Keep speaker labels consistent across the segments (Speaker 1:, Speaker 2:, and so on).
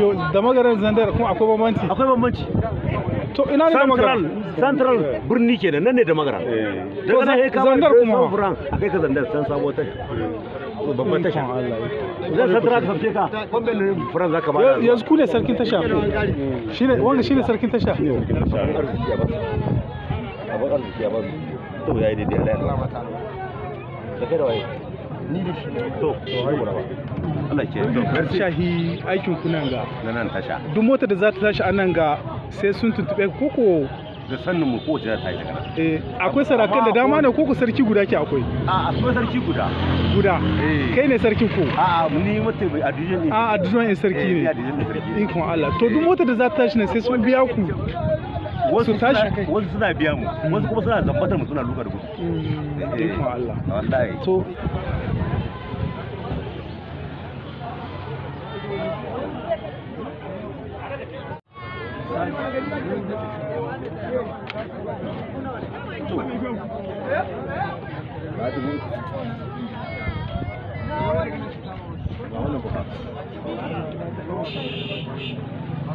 Speaker 1: yo da magaran zandar kuma akwai bambanci akwai bambanci to ina ne da central birni kenan nan ne da magaran eh. daga nan sai zandar kuma furan akai ka zandar san sabo ta babban tasha zan central ka fike ka kwambe ne furan ba yanzu ku ne sarkin tasha eh. shine wanda shine sarkin tasha abin arziki a ba to daidai da kai da waye ni da shi to Allah ke to shahi aikin nan tasha duk mota da za ta tashi a ga sai sun tuntube ku ko da mu ta daga nan eh akwai sarakan da dama ne ko ku sarki guda ke akwai a ko sarki guda guda eh. kai ne sarkin ko a a ni mutum a dijon ne a a dijon ne sarki ne eh, ikon Allah to duk mota da za ta tashi ne sai sun biya ku wasu tashi wasu suna biya mu mm. wasu kuma suna zabbatar mu suna luka da gudu mm. eh, to Thank you.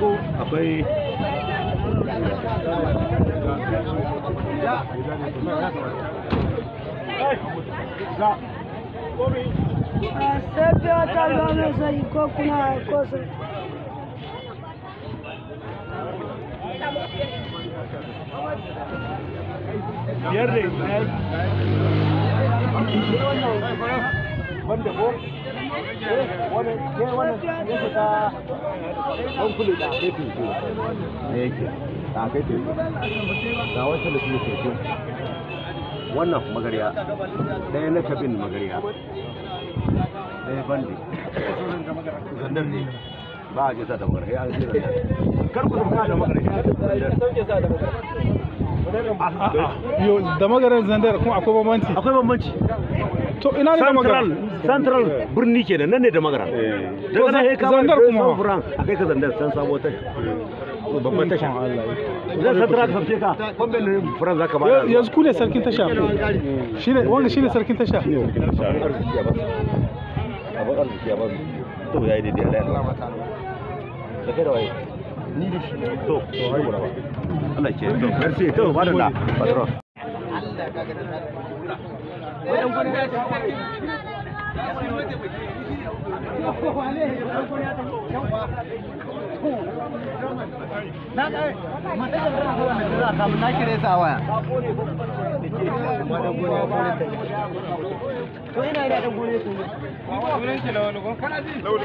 Speaker 1: farko akwai Sempre atacamos aí, coco na coisa. Pierde, wannan magariya ɗaya na magariya ɗaya bandi zandar ne ba a jisa da magariya an magariya da zandar kuma akwai bambanci akwai bambanci to ina ne da magana central birni kenan nan ne da magana eh. daga nan ka zandar kuma furan akai ka zandar san sabo ta babban tasha eh. Allah zan central ka fike ka babban furan zaka ba yanzu ku ne sarkin tasha eh. shine wanda shine sarkin tasha abu bakar zuciya ba to yayi daidai Allah ya da kai da wai ni da shi to to hai gura ba Allah ke to merci to madalla patron Allah ka ga da Na ɗaya, matsayin da zuwa da zira kamun na kire sa waya. To ina da ɗan gure su. Sunan shi na wani kana ji? A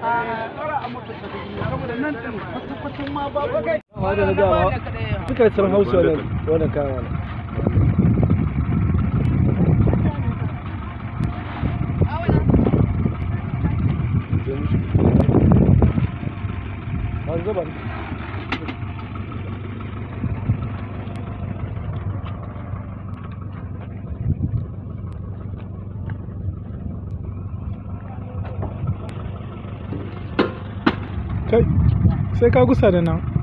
Speaker 1: ah, tsara a mutu ta biyu, da nan ɗin da ma babu kai. Suka yi sun hausa wannan kawo. sai ka gusa da nan